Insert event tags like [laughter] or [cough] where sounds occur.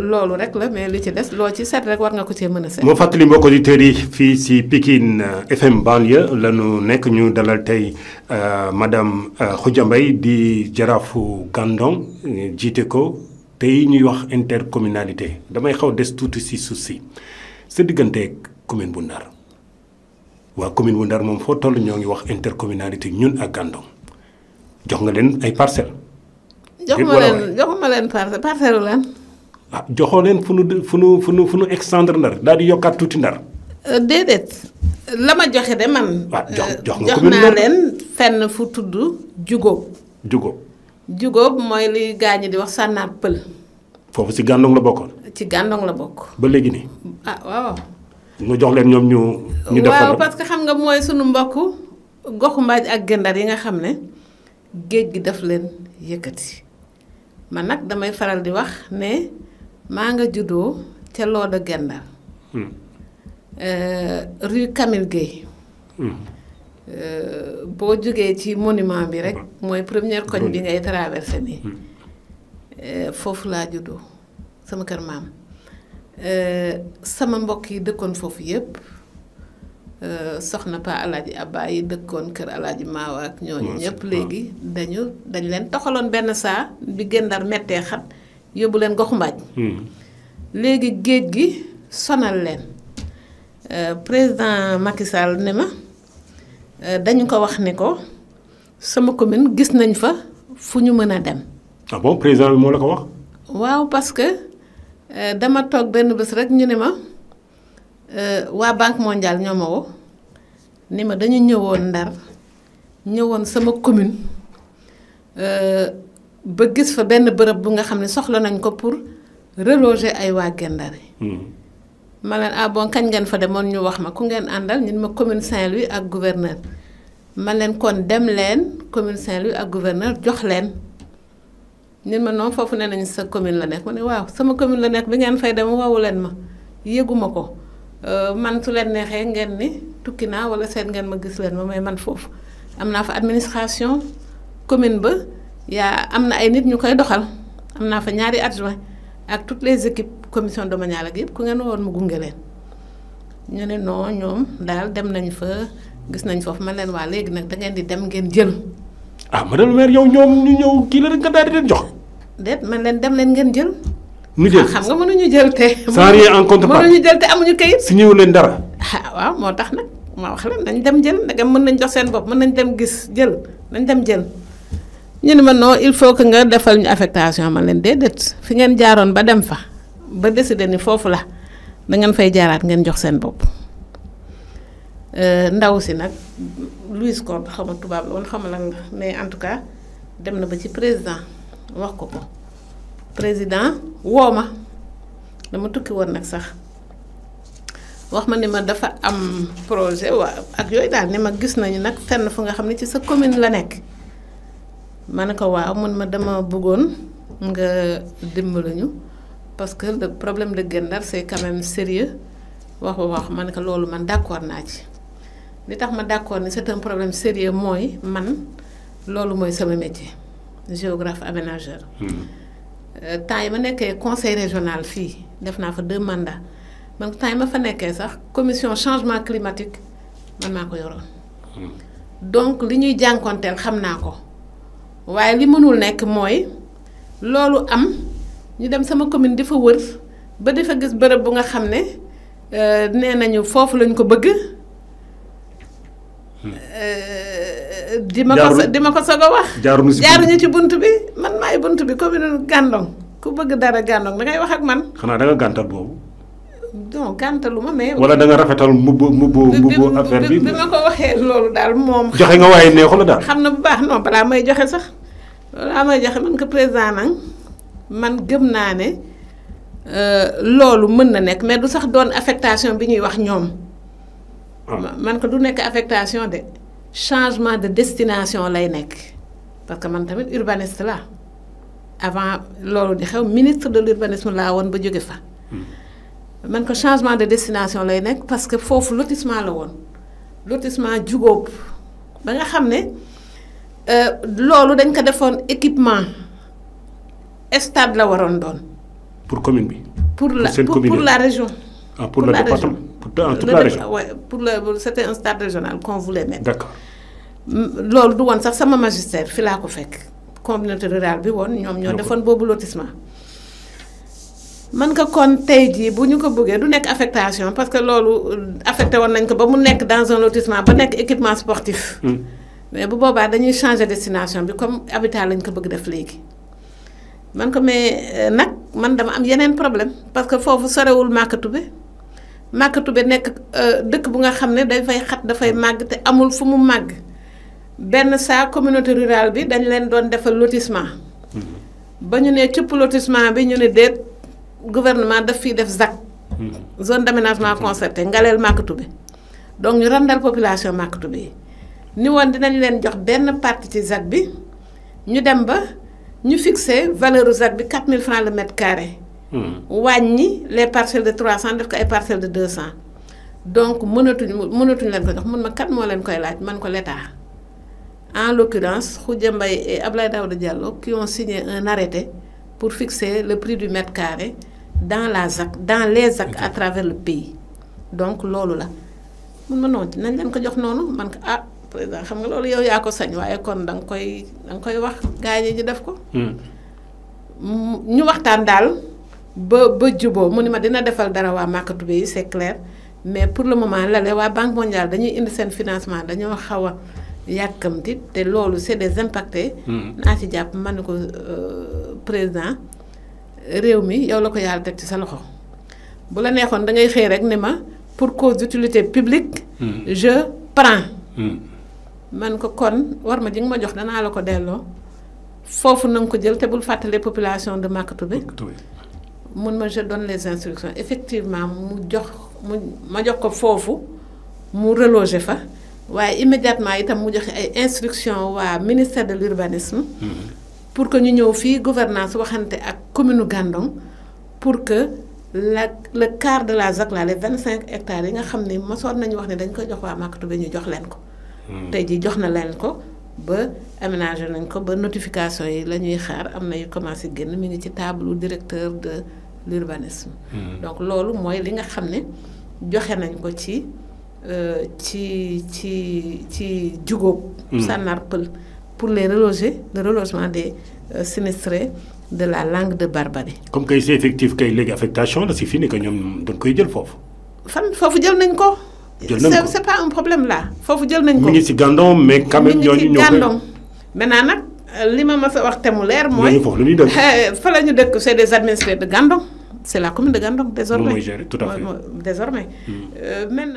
loolu rek la mais li ci des loo ci seet rek war nga ko cee mën a seet. moo fàttali mbokk auditeurs yi fii si Pikine euh, FM banlieue la ñu nekk ñu dalal tey euh, madame euh, Khoudia Mbaye di jaraafu Gandon jiite ko tey ñuy wax intercommunalité damay xaw des tuuti si suuf si sa digganteeg commune bu Ndar waa commune bu Ndar moom foo toll ñoo ngi wax intercommunalité ñun ak Gandon jox nga leen ay parcelles. jox leen jox leen parcelle parcelle Ah, joxoo leen fu nu fu nu fu nu fu nu extendre ndar daal di yokkaat tuuti ndar. Euh, déedéet la ma joxe de man. waaw ah, jox euh, jox nga ko jox naa leen fenn fu tudd jugóob. jugóob. jugóob mooy li gaañu di wax sànnaat pël. foofu si gàndong la bokkoon. ci gàndong la bokk. ba léegi nii. ah waaw. nga jox leen ñoom ñu. ñu def waaw parce que xam nga mooy sunu mbokk goxu mbaaj ak gëndar yi nga xam ne géej gi daf leen yëkkati man nag damay faral di wax ne manga judo telo juddoo genda hmm. Gendar. Eh, rue Camille Gueye. Hmm. Eh, bo jógee ci monument bi rek moy première koñ bi ngay traversé nii. Hmm. Eh, foofu laa judo sama kër maam sama mbokk yi dëkkoon yep yépp soxna pa aladi abba yi dëkkoon kër aladi mawa ak ñoo ñëpp léegi dañu dañ leen toxalon ben saa bi Gendar mettee xat yóbbu leen goxu hmm. léegi géej gi sonal leen euh, président Macky ne ma euh, dañu ko wax ne ko sama commune gis nañ fa fu ñu mën a dem. ah bon président moo la ko wax. waaw parce que euh, dama toog benn bés rek ñu ne ma waa banque mondiale ñoo ma woo ni ma dañu ñëwoon Ndar ñëwoon sama commune. ba gis fa benn bërëb bu nga xam ne soxla nañ ko pour reloger ay waa Gendare hmm. ma leen ah bon kañ ngeen fa demoon ñu wax ma ku ngeen àndal ñun ma commune Saint-Louis ak gouverneur ma leen kon dem leen commune Saint-Louis ak gouverneur jox leen ñun ma noonu foofu nee nañu nañ sa commune la nekk ma ne waaw sama commune la nekk bi ngeen fay dem wawu leen ma yëguma ko euh, man su leen neexee ngeen ni tukki naa wala seet ngeen ma gis leen ma may man foofu am naa fa administration commune ba yaa am na ay nit ñu koy doxal am naa fa ñaari adjoint ak tout les équipes commission domaniale ak yëpp ku ngeen woon ma gunge leen ñu ne noo ñoom daal dem nañ fa gis nañ foofu man leen waa léegi nag da ngeen di dem ngeen jël. ah madame le maire yow ñoom ñu ñëw kii la rek nga daal jox. déet man leen dem leen ngeen jël. ñu jël ah, xam nga mënuñu jël te. [laughs] sans rien en contrepartie mënuñu jël te amuñu kayit. si ñëw leen dara. ah waaw moo tax nag ma wax leen nañ dem jël ndegam mën nañ jox seen bopp mën nañ dem gis jël nañ dem jël. ñu ne ma non il faut que nga defal ñu affectation ma leen déedéet fi ngeen jaaroon ba dem fa ba décider ni foofu la da ngeen fay jaaraat ngeen jox seen bopp euh, ndaw si nag Louis Comte xama tubaab la woon xama lan mais en tout cas dem na ba ci président wax ko ko président woo ma dama tukki woon nag sax wax ma ni ma dafa am projet wa ak yooyu daal ni ma gis nañu nag fenn fu nga xam ci sa commune la nekk ma ne ko waaw mun ma dama bëggoon nga dimbali parce que le problème de gendar c'est quand même sérieux waxu wax ma ne ko loolu man d'accord naa ci li tax ma d'accord ni c'est un problème sérieux mooy man loolu mooy sama métier géographe aménageur. Hmm. Euh, temps yi ma nekkee conseil régional fii def naa fa deux mandats man temps yi ma fa nekkee sax commission changement climatique man maa ko yoroon. Hmm. donc li ñuy jànkonteel xam naa ko. waaye li mënul nekk mooy loolu am ñu dem sama commune di fa wër ba di fa gis bërëb bu nga xam ne euh, nee nañu foofu lañ ko bëgg. Hmm. Euh, di ma ko di ma ko soog a wax. jaaruñu si jaaruñu ci bunt bi man maay bunt bi commune Gandon ku bëgg dara Gandon da ngay wax ak man. xanaa da nga gàntal boobu. non gàntalu ma mais. wala da nga rafetal mbubu mbubu mbubu affaire bi bi ma ko waxee loolu daal moom. joxe nga waaye neexu la daal. xam na bu baax non balaa may joxe sax. Ama Diakhaté man ko président nag man gëm naa ne euh, loolu mën na nekk mais du sax doon affectation bi ñuy wax ñoom. Ah. man ko du nekk affectation de changement de destination lay nekk parce que man tamit urbaniste la avant loolu di xew ministre de l'urbanisme laa woon ba jóge fa. Hmm. man ko changement de destination lay nekk parce que foofu lotissement la woon lotissement Jugóob ba nga xam ne. Euh, loolu dañ ko defoon équipement stade la waroon doon. pour commune bi. pour la pour pour la région. ah pour le département pour toute la région. ouais, pour le c'était un stade régional qu'on voulait mettre. d'accord loolu du woon sax sama magistère fi laa ko fekk communauté rurale bi woon ñoom ñoo defoon boobu lotissement. man ko kon tey jii bu ñu ko bëggee du nekk affectation parce que loolu euh, affecté woon nañ ko ba mu nekk dans un lotissement ba nekk équipement sportif. Hmm. mais bu boobaa dañuy changer destination bi comme habitat lañ ko bëgg def léegi man ko mais euh, nag man dama am yeneen problème parce que foofu sorewul bi Màkkatube bi nekk euh, dëkk bu nga xam ne day fay xat dafay màgg te amul fu mu màgg benn saa communauté rural bi dañ leen doon defal lotissement mm-hmm. ba ñu ne cëpp lotissement bi ñu ne déet gouvernement daf fiy def ZAC mm-hmm. zone d'aménagement concerté ngaleel bi donc ñu randal population Màkkatube bi ni woon dinañ leen jox benn parti ci ZAC bi ñu dem ba ñu fixé valeur ZAC bi 4000 francs le mètre carré. Hmm. wàññi les parcelles de 300 def ko ay parcelles de 200. donc mënatuñ mënatuñ leen ko jox mun ma kat moo leen koy laaj man ko l'État en l'occurrence Khoudia Mbaye et Abdoulaye Daouda Diallo qui ont signé un arrêté pour fixer le prix du mètre carré dans la dans les ZAC à travers le pays donc loolu la mun ma non nañ leen ko jox noonu man ah, président xam nga loolu yow yaa ko sañ waaye kon da nga koy da nga koy wax gaañe ji def ko. Hmm. Mm, ñu waxtaan daal ba ba juboo mu ni ma dina defal dara waa Màkkatube yi c'est clair mais pour le moment lale waa Banque mondiale dañuy indi seen financement dañoo xaw a yàkkamti te loolu c'est des impactés. Hmm. naa ci jàpp man na ko euh, président réew mi yow la ko yàlla teg ci sa loxo bu la neexoon da ngay xëy rek ne ma pour cause d'utilité publique. Hmm. je prends man ko kon war ma ji ma jox danaa la ko delloo foofu na nga ko jël te bul fàttale population de Makacoumbe. mun ma je donne les instructions effectivement mu jox mu ma jox ko foofu mu reloger fa waaye immédiatement itam mu joxe ay instructions waa ministère de l'urbanisme mhm. pour que ñu ñëw fii gouvernance waxante ak commune Gandong pour que la le quart de la ZAC la les 25 hectares yi nga xam ne mosoon nañu wax ne dañ ko jox waa Makacoumbe ñu jox leen ko tey ji jox na leen ko ba aménagé nañ ko ba notification yi la ñuy xaar am na yu commencé génn mi ngi ci tableau directeur de l'urbanisme hmm. donc loolu mooy li nga xam ne joxe nañ ko ci euh, ci ci ci jugóob hmm. Sanar pour les reloger le relogement des euh, sinistrés de la langue de Barbarie comme kay c'est effectif kay léegi affectation la si fii ni que ñoom dañ koy jël foofu fan foofu jël nañ ko c'est pas un problème là Il faut vous dire le même coup limité Gandon mais quand même il y en a une autre limité Gandon mais nanak les membres sont actuellement moi limité faut le dire que c'est des administrés de Gandon c'est la commune de Gandon désormais tout à fait désormais hmm. euh, mais